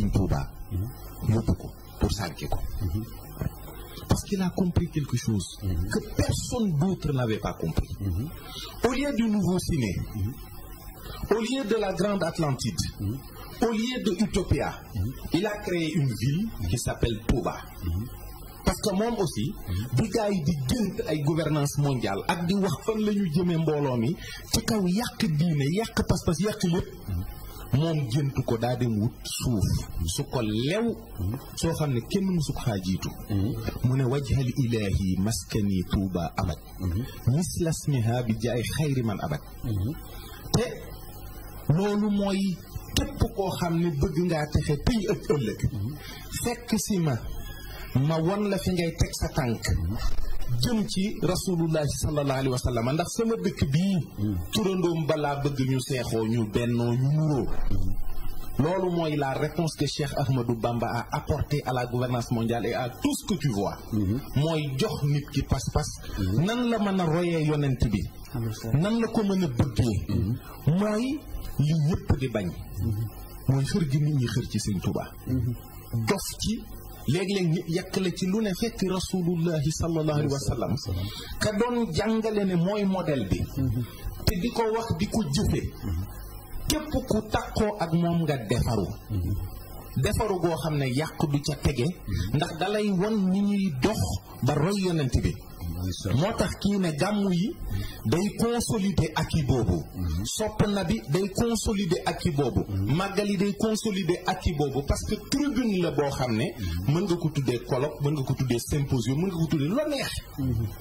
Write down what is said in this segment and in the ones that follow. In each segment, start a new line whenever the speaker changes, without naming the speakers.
Serigne Touba a compris quelque chose que personne d'autre n'avait pas compris au lieu du nouveau ciné au lieu de la grande Atlantide au lieu de Utopia il a créé une ville qui s'appelle Touba parce que moom aussi bi gars di gënt ay gouvernance mondiale ak di wax fan la ñu jëmee mbooloo mi ci kaw yàq diine yàq pas-pas yàq lépp moom géntu ko daa dem wut suuf su ko lew soo xam ne kenn mësu ko faa mu ne wajhal ilaahi maskani tuuba abad mislasmiha bi jaay xayri man abad te loolu mooy képp koo xam ne bëgg ngaa texe tey ak ëllëg fekk si ma ma won la fi ngay teg sa tànk jëm ci rasulullahi sallallahu alayhi wa sallam ndax sama dëkk bii turandoom balaa bëgg ñu seexoo ñu bennoo ñu muroo loolu mooy la réponse que Cheikh Ahmadou Bamba a apporté à la gouvernance mondiale et à tout ce que tu vois mm-hmm. mooy jox nit ki pas-pas mm-hmm. nan la mën a royee yonent bi nan la ko mën a bëggee mm-hmm. mooy li ñëpp di bañ mooy xër gi nit ñi xër ci Sëñ Tuubaa dof ci léeg-léeg ñu yàq ci lu ne fekk rasulullahi sallallahu alayhi wa sallam ka doon jàngale ne mooy modèle bi te di ko wax di ko jëfe képp ku takkoo ak moom nga defaru defaru goo xam ne yàq du ca tege ndax dalay won ni ñuy dox ba roy yonent bi moo tax kii ne gàmmu yi day consolider acquis boobu sopp na bi day consolider acquis boobu màggal yi day consolider acquis boobu parce que tribune la boo xam ne mën nga ko tuddee colloque mën nga ko tuddee symposium mën nga ko tuddee loo neex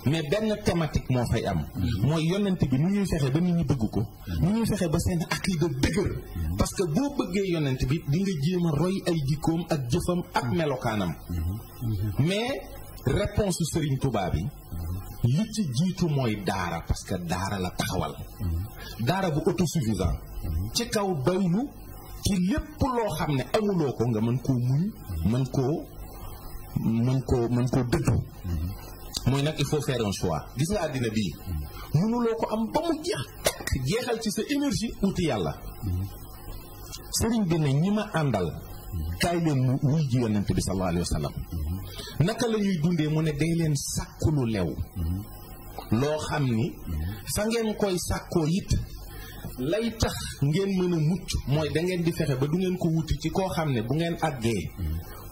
mais benn thématique moo fay am mooy yonent bi nu ñuy fexe ba nit ñi bëgg ko nu ñuy fexe ba seen acquis de dëgër parce que boo bëggee yonent bi di nga jéem a roy ay jikkoom ak jëfam ak melokaanam mais réponse Serigne Touba bi li ci jiitu mooy daara parce daara la taxawal daara bu autosuffisant ci kaw doylu ci lépp loo xam ne amuloo ko nga mën koo muñ mën koo mën koo mën koo dëddu mooy nag il faut faire un choix gis nga àddina bii mënuloo ko am ba mu jeex jeexal ci sa énergie uti yàlla sëriñ bi ne ñi ma àndal kaay leen wuy ji yonent bi sallallahu alayhi naka la ñuy dundee mu ne day leen sàkku lu lew loo xam ni fa ngeen koy sàkkoo it lay tax ngeen mën a mucc mooy da ngeen di fexe ba du ngeen ko wuti ci koo xam ne bu ngeen àggee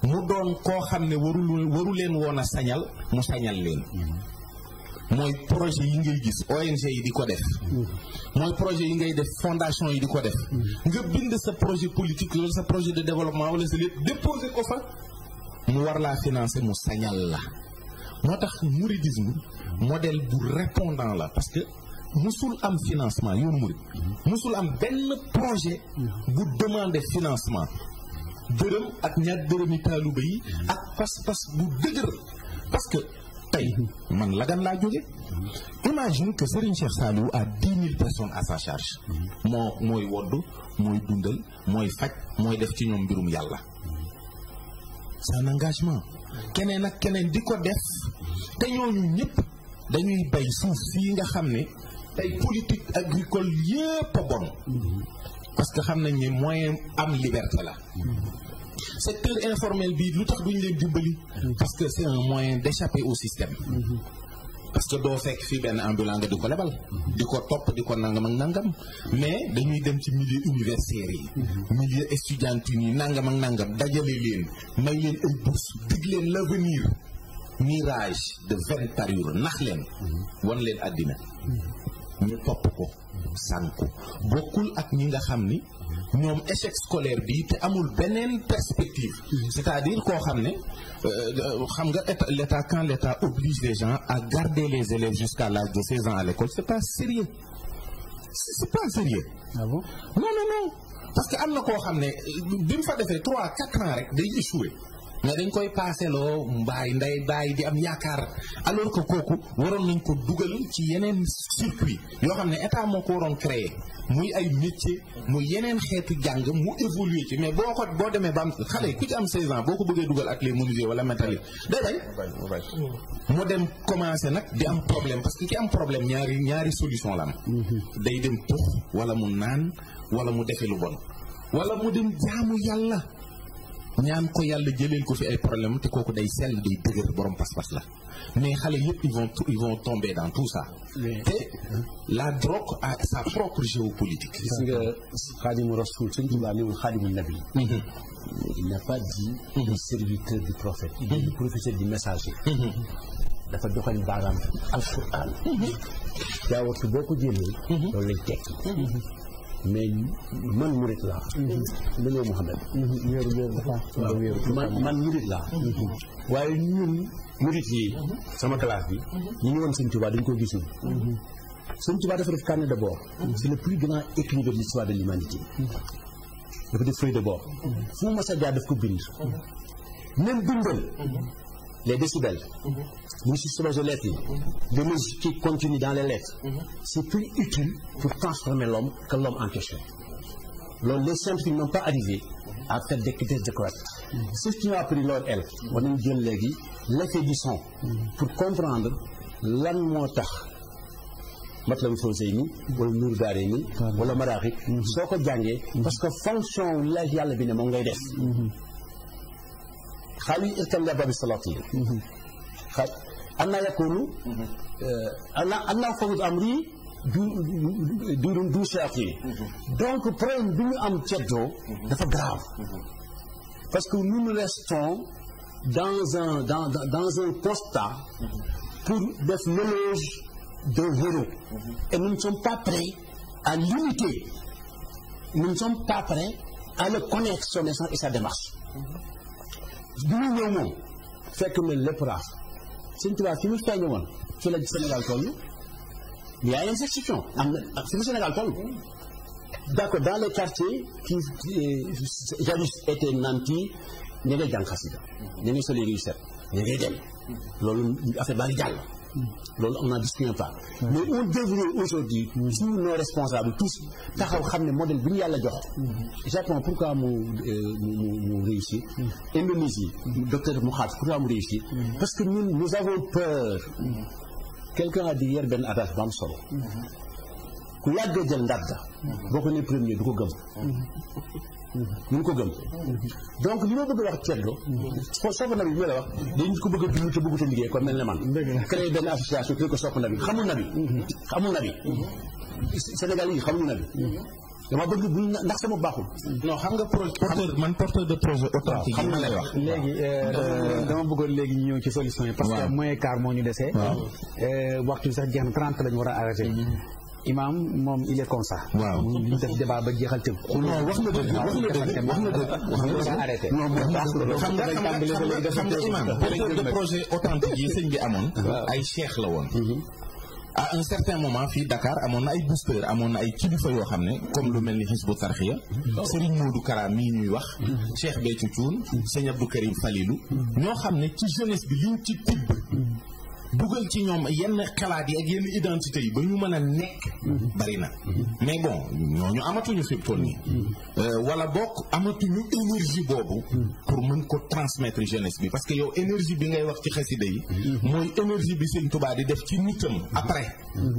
mu doon koo xam ne waru waru leen woon a sañal mu sañal leen mooy projet yi ngay gis ONG yi di ko def mooy projet yi ngay def fondation yi di ko def nga bind sa projet politique wala sa projet de développement wala sa lépp déposer ko fa mu war laa financer mu sañal la moo tax mouridisme modèle bu répondant la parce que musul am financement yoonu murid musul am benn projet bu demander financement dërëm ak ñaar dërëmi taaluba yi ak pas-pas bu dëgër parce que tey man lagan laa jóge imagine que Serigne Cheikh Saliou a dix mille personnes à sa charge moo mooy wodd mooy dundal mooy faj mooy def ci ñoom mbirum yàlla c'est un engagement keneen ak keneen di ko des te ñooñu ñëpp dañuy bay suuf fii nga xam ne tey politique agricole yépp a bon parce que xam nañ ne moyen am liberté la secteur informel bi lu tax duñu leen dimbali parce que c'est un moyen d'échapper au système parce que doo fekk fii benn ambulant nga di ko lebal di ko topp di ko nangam ak nangam mais dañuy dem ci milieu universitaire yi mm-hmm. milieu étudiantine yi nangam ak nangam dajale leen may leen ay bourse dig leen l'avenir mirage de vingt parures nax leen
mm-hmm.
wan leen àddina
mm-hmm.
ñu topp ko sànku bokkul ak ñi nga xam ni ñoom échec scolaire bi te amul beneen perspective c'est-à-dire koo xam ne euh, xam nga l'état quand l'état oblige les gens à garder les élèves jusqu'à l'âge de 16 à l'école c'est pas sérieux c'est pas sérieux ah non non non parce que am na koo xam ne bi mu fa defee 3 ans rek day échouer mais dañ koy paaseloo mbaay nday bàyyi di am yaakaar alors que kooku waroon nañ ko dugal ci yeneen circuit yoo xam ne état moo ko waroon créer muy ay métier mu yeneen xeetu jàng mu évoluer ci mais boo ko boo demee ba am xale ku ci am 16 ans boo ko bëggee dugal ak les menuisiers wala métallique day bañ mu dem commencé nag di am problème parce que ki am problème ñaari ñaari solution la am mhm. day dem tux wala mu naan wala mu defe lu ñaan ko yàlla jëleel ko fi ay problème te kooku day sell day dëgër borom pas-pas la mais xale yëpp ils vont ils vont tout ça. te la drogue a sa propre géopolitique. gis nga xaadimu rasul sëñ Tuubaa ne woon xaadimu nabi. Mhm. il n'a pas dit. Mhm. le serviteur du prophète. Mhm. le professeur du messager. dafa joxoñ baaraam alquran. jaawatu boo ko jëlee. loolu lay tekki. mais man murit la dañoo mhm. Muhammad.
Mhm. wéeru wéeru dafa waaw wéeru man man
murit laa. Mhm. waaye ñun murit yi sama classe bi. ñu ñëwoon Sëñ Tuubaa dañ ko gisul. Sëñ Tuubaa dafa def carnet de bord. c'est le plus grand écrivain de de l'humanité. dafa def feuille de bord. mu mas a daf ko bind. même dundal. les décibels.
ñu mhm.
ngi si subajo lettres
mhm.
de musique qui continue dans les lettres. Mhm. c'est plus utile pour transformer l'homme que l'homme en question. loolu les scientifiques n'ont pas arrivé à faire des critères décoratifs. ce qui a pris leur aile. war nañu jël léegi l'effet du son. pour comprendre lan moo tax. Matlabul Fawzayni wala Nuuru Daarayni wala Maraaxi soo ko jàngee parce que fonction la yàlla bi ne moom ngay hawi irtanda babi salatin anna yakunu mm-hmm. anna fawid amri du du shafi mm-hmm. donc problème bi ñu am ceddoo mm-hmm. dafa grave parce que nous nous restons dans un dans pour def l'éloge d'un héros et nous ne pas prêts à l'imiter nous ne pas prêts à le connaître et sa démarche bi muy ñëw moom fekk na lépp raaf sëñ Tuubaa fi mu feeñe woon fi la Sénégal toll y a des exceptions am na fi mu Sénégal toll d'accord dans les quartiers qui euh, jadis étaient nantis ña ngay jàng xasida ña soli riu set dem loolu a baa ngi jàll loolu on n'en discute pas mais on devrait aujourd'hui mm. si nos responsables tous taxaw xam ne modèle bi ñu yàlla jox mm-hmm. Japon pourquoi euh, mu mu mu réussir mm. Indonésie mm-hmm. docteur Moukhat pourquoi mu réussir mm-hmm. parce que ñun nous avons peur quelqu'un a dit hier benn attaque bu solo ku yàgg a jël ndab da boo ko ne premier du ko gëm
ñu
mm-hmm. ko gëm mm-hmm. donc li ma bëgg a wax ceddo mm-hmm. foo sopp nabi bi ma la wax dañ ko bëgg a dund te bëggu te ko mel ne man créé benn association tuddee ko sopp nabi xamul nabi xamul nabi Sénégal yi xamuñu nabi dama ndax sama baaxul. non xam nga porteur man porteur de projet authentique xam nga lay wax. léegi euh, dama bëggoon léegi ñëw ci solution yi. parce que moyen quart moo ñu desee. Euh, waxtu bi sax jeex na 30 lañu war a arrêté. imam moom il est comme ça. waaw ñu def débat ba jeexal tëb. non wax nga dëgg wax nga dëgg wax nga dëgg. wax nga arrêté. non moom baax na xam nga xam nga imam porteur de projet authentique yi sëñ bi amoon. ay cheikh la woon. Mhm. à un certain moment fii Dakar amoon na ay booster amoon na ay kilifa yoo xam ne comme lu mel ni Hizbu Tarxiya mhm. Serigne Modou Kara mii ñuy wax mhm. Cheikh Béthio Thioune Serigne Abdou Karim Falilou ñoo xam ne ci jeunesse bi liñ ci tibb dugal ci ñoom yenn xalaat yi ak yenn identité yi ba ñu mën a nekk bari na mais bon ñooñu amatuñu fi mu toll nii euh, wala bokk amatuñu énergie boobu pour mën ko transmettre jeunesse bi parce que yow énergie bi ngay wax ci xasida yi mooy énergie bi Sëñ Tuubaa di def ci nitam après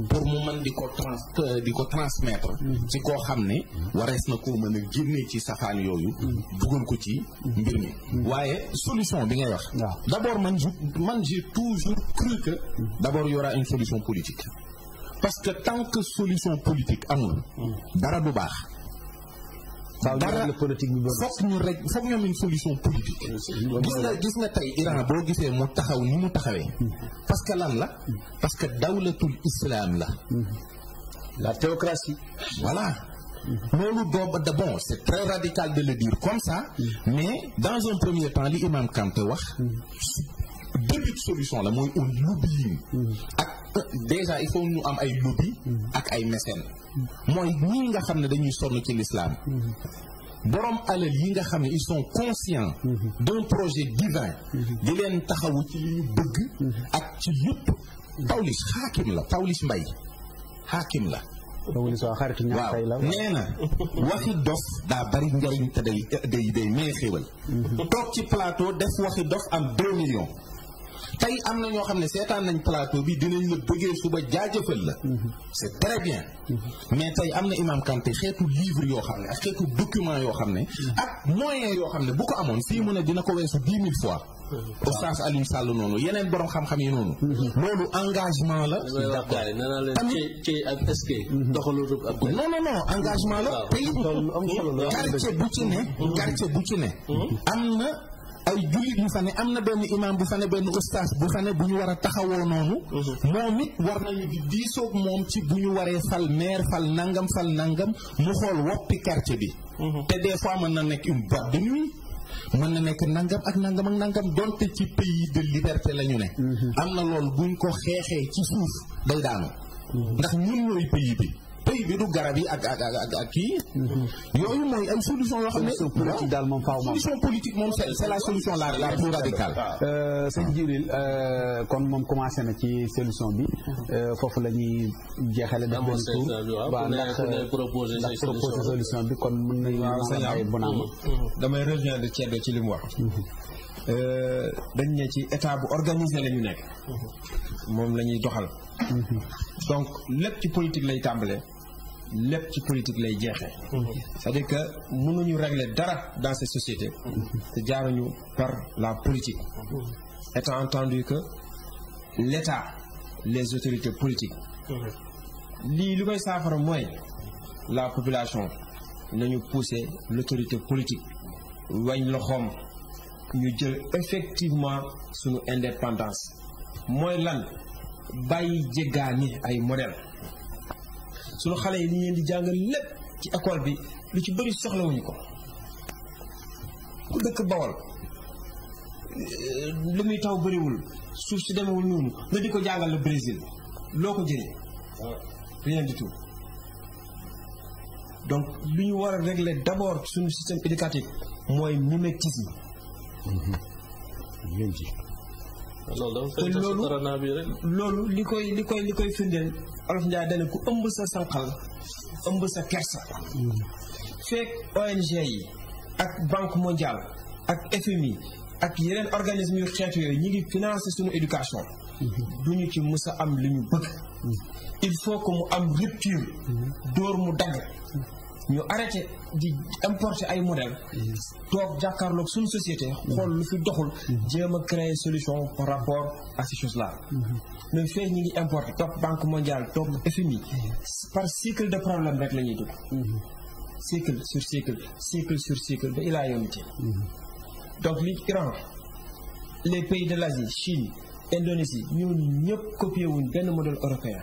pour mu mën di ko trans euh, di ko transmettre ci koo xam ne warees na koo mën a génne ci safaan yooyu dugal ko ci mbir mi waaye solution bi ngay wax d'abord man toujours cru d'abord il y aura une solution politique parce que tant que solution politique amul dara du baax dara fokk ñu rek fokk ñu une solution politique gis nga gis nga tey Iran boo gisee mu taxaw ni mu taxawee parce que lan la parce que dawlatul islam la la loolu boobu de bon c'est très radical de le dire comme ça mm. mais dans un premier temps li imam Kanté wax deuxième solution la mooy un lobbying mm. ak euh, déjà il faut am ay lobby mm. ak ay mécène mm. mooy ñi nga xam ne dañuy sonn ci lislaam mm-hmm. borom alal yi nga xam ne ils sont conscients mm-hmm. d'un projet divin mm-hmm. di leen taxawu ci li ñu bëgg ak ci yëpp Pawlish xaakim la Pawlish Mbaye xaakim la waaw nee na waxi dof daa bari njariñ te day day day nee xéwal toog ci plateau def waxi dof am deux millions tey am na ñoo xam ne seetaan nañ plateau bi dinañ la bëggee suba jaajëfal la mhm. c'est très bien mhm. mais tey am na Imam Kanté xeetu livre yoo xam ne ak xeetu document yoo xam ne mhm. ak moyen yoo xam ne bu ko amoon fii mu ne dina ko weesu dix mille fois Oustaz Alioune noonu yeneen borom xam-xam yi noonu loolu
engagement la tamit ci ak est-ce ak
non engagement la tey quartier bu ci ne quartier bu ci ne am na ay jullit yu fa ne am na benn imam bu fa ne benn ustaas bu fa ne bu ñu war a taxawoo noonu mhm. moom it war nañu di diisoog moom ci bu ñu waree fal maire fal nangam fal nangam mu xool woppi quartier bi
mhm. te des
fois
mën na nekk une boîte de nuit mën na nekk nangam ak nangam ak nangam donte ci pays de liberté la ñu ne mhm. am na lool buñ ko xeexee ci suuf day daanu ndax ñun ñooy pays bi tey mbiru garab yi ak ak ak kii. Mhm. yooyu mooy ay solution yoo xam ne. solution politique daal moom faaw ma solution politique moom c'est la solution la la plus radicale. Ah. Euh, sëñ euh, kon moom commencé na ci
solution bi mhm. euh, foofu la ñuy jeexale. def benn tour waaw ndax ndax bi kon mën nañu. waaw mhm. damay rejoindre Thiedo ci li mu wax. dañ ne ci état bu organisé la nekk. moom la ñuy doxal. donc lépp ci politique lay tàmbalee. lépp ci politique lay jeexee c'est-à-dire que mënuñu régler dara dans ces te jaaruñu par la politique étant entendu que l'État les autorités politiques lii li koy saafara mooy la population nañu pousser l'autorité politique wañ loxoom ñu jël effectivement suñu indépendance mooy lan bàyyi jéggaani ay modèle suñu xale yi li ñu leen di jàngal lépp ci école bi lu ci bëri soxlawuñu ko ku dëkk bawol euh, lu muy taw bëriwul suuf si demewul noonu nga di ko jàngal le Brésil loo ko jëlee rien du tout donc lu ñu war a régler d'abord suñu système éducatif mooy mimétisme.
Mhm. loolu
loolu li koy li koy li koy firndeel olof Ndiaye dana ku ëmb sa sanqal ëmb sa kersa fekk ONG yi ak banque mondiale ak FMI ak yeneen organisme yu xeetu yooyu ñu ngi finance suñu éducation du ñu ci mës a am li ñu bëgg mm-hmm. il faut que mu am rupture mm-hmm. dóor mu dagg ñu arrêté di importer ay modèle toog jàkkaarloog suñu société xool lu fi doxul mm-hmm. jéem créer solution par rapport a ces choses là mm-hmm. mais fee ñi ngi importer topp banque mondiale topp FMI par cycle de problème rek la ñuy dugg mm-hmm. cycle sur cycle cycle sur cycle ba ilaa yomité donc li Iran les pays de l'Asie Chine Indonésie ñooñu ñëpp copié benn modèle européen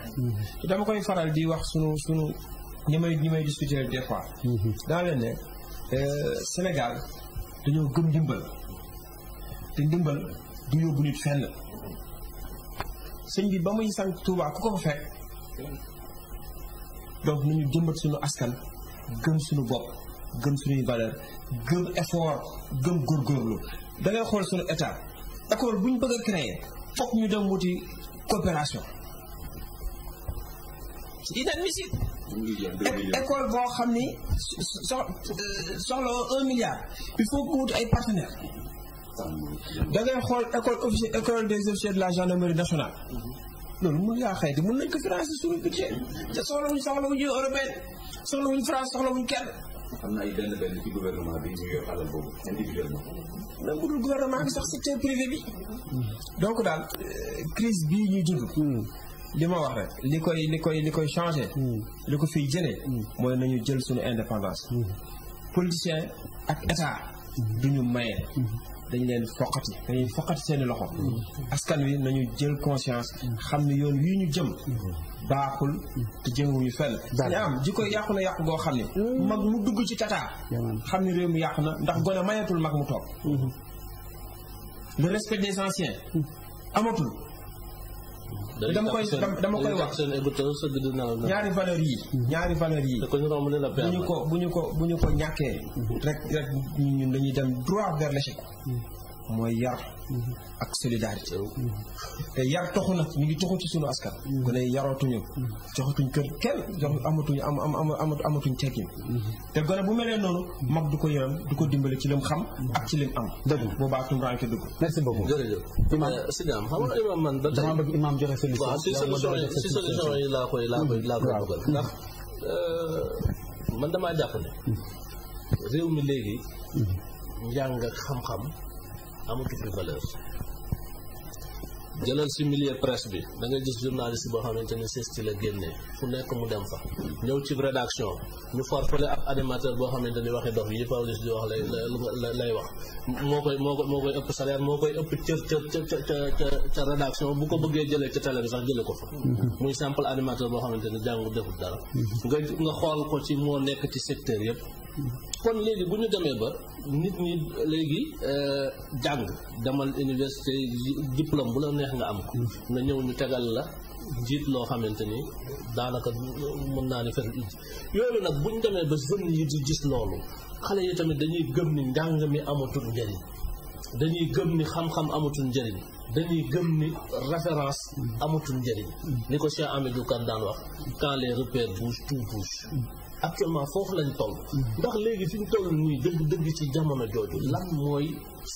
dama koy faral di wax sunu sunu ñi may ñi may discuter des fois. daa leen ne Sénégal dañoo gëm ndimbal te ndimbal du yóbbu nit fenn sëñ bi ba muy sant tuubaa ku ko fa fekk donc nañu jëmbat suñu askan gëm suñu bopp gëm suñuy valeur gëm effort gëm góor góorlu ngay xool suñu état école bu ñu bëgg a créer fokk ñu dem wuti coopération c'est inadmissible
école
boo xam ni sox soxla un milliard il faut que wut ay partenaires da xool école officier école des officiers de la gendarmerie nationale loolu mun ngaa xëy te mun nañ ko financer suñu budget te soxla wuñ soxla wuñu européenne soxla wuñ France soxla wuñ kenn
am na ay benn benn bi ñu yor alal
boobu dul gouvernement bi sax secteur privé bi. Mm-hmm. donc daal euh, crise bii ñuy dund. Mm. li ma wax rek li koy li koy li koy changé. Hmm. li ko fiy jëlee. Hmm. mooy nañu jël suñu indépendance. Hmm. politicien ak état ñu maye. dañ leen foqati dañuy foqati seeni loxo askan wi nañu jël conscience xam ne yoon wii ñu jëm baaxul te jëmewuñu fenn ña am ji ko yàqu na yàqu goo xam ne mag mu dugg ci tataa xam ne réew mi yàqu na ndax gone mayatul mag mu toog le respect des anciens amatul
dama koy dama koy wax ñaari valeur yi ñaari valeur yi bu ñu ko
bu ñu ko bu ñu ko ñàkkee rek rek ñun dañuy dem droit vers l'échec mooy yar ak solidarité te yar toxu nag ñu ngi toxu ci sunu askan gone yi yarootuñu joxatuñ kër kenn jox amatuñ am am am amatuñ teggin te gone bu melee noonu mag du ko yërëm du ko dimbale ci lim xam ak ci lim am dëgg
boobaa tumuraanke dugg merci beaucoup jërëjëf imaam eh, sidaam xam nga hmm. imaam man ba dama bëgg imaam joxe solution si solution yi laa laa koy laa eh, damaa jàpp ne réew mi léegi hmm. njàng ak xam-xam amatu fi valeur jëlal si milieu presse bi da nga gis journaliste boo xamante ni CESTI ci la génnee fu nekk mu dem fa ñëw ci rédaction ñu forfale ab animateur boo ne ni waxi dox yi Pawlish di wax lay lay wax moo koy moo koy moo koy ëpp salaire moo koy ëpp cër ca ca ca ca rédaction bu ko bëggee jëlee ca télé bi sax jëlee ko fa mhm. muy simple animateur boo xamante ni jàngu defut dara mhm. nga nga xool ko ci moo nekk ci secteur yëpp kon léegi bu ñu demee ba nit ñi léegi euh, jàng demal université diplôme bu la neex nga am ko nga ñëw ñu tegal la jiit loo xamante ni daanaka mën naa ne fer yooyu nag buñ demee ba jeunes yi di gis loolu xale yi tamit dañuy gëm ni njàng mi amatul njëriñ dañuy gëm ni xam-xam amatul njëriñ dañuy gëm ni référence amatul njëriñ ni ko Cheikh Amidou Kane daan wax quand les repères tout bouge actuellement foofu lañ toll. ndax léegi fi ñu toll nii dëgg dëgg ci jamono jooju lan mooy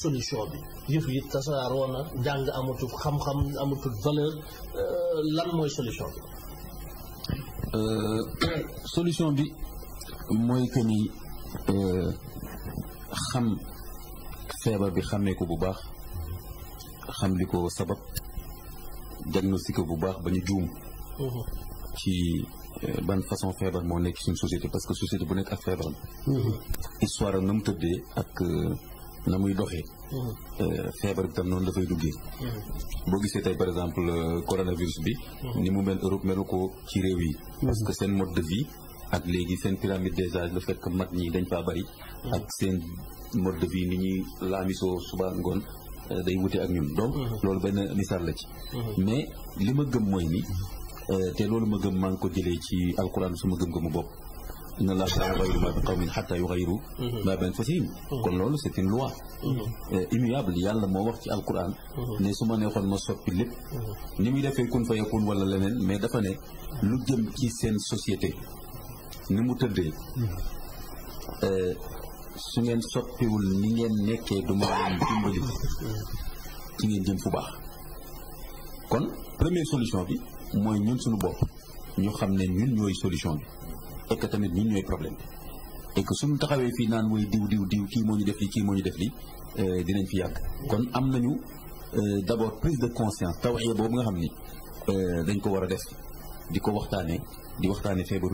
solution bi yëf yi tasaaroo na jàng amatul xam-xam amatul valeur euh, lan mooy solution bi.
Euh, solution bi mooy que ni euh, xam feebar bi xamee ko bu baax xam li ko sabab diagnostiqué bu baax ba ñu juum. Mhm. ci. Euh, ban façon feebar moo nekk suñu société parce que société bu nekk ak feebaram mm-hmm. histoire am na mu tëddee ak euh, na muy doxee mm-hmm. euh, feebar bi tam noonu dafay duggee mm-hmm. boo gisee tey par exemple coronavirus bi ni mu mel Europe melu ko ci réew yi parce que seen mode de vie ak léegi seen pyramide des âges le fait que mag ñi dañ faa bari ak seen mode de vie ni ñuy laamisoo suba ngoon day wute ak ñun donc loolu benn misaal la ci mais li ma gëm mooy ni Euh, te loolu ma gëm maa ngi ko jëlee ci alquran suma gëm-gëmu bopp inna allaha laa yughayyiru maa bi qawmin hattaa yughayyiru mhm. maa bi anfusihim mhm. kon loolu c'est une loi mhm. euh, immuable yàlla moo wax ci alquran ne su ma neexoon ma soppi lépp ni muy defee kun fa yakun wala leneen mais dafa ne lu jëm ci seen société ni mu tëddee euh, su ngeen soppiwul ni ngeen nekkee du ma leen dimbali ci ngeen jëm fu baax kon première solution bi mooy ñun suñu bopp ñu xam ne ñun ñooy solution bi et tamit ñun ñooy problème bi et que suñu taxawee fii naan mooy diw diw diw kii moo ñu def li kii moo ñu def li euh, dinañ fi yàgg kon am nañu euh, d'abord prise de conscience tawaxee boobu nga xam ni euh, dañ ko war a def di ko waxtaanee di waxtaanee feebaru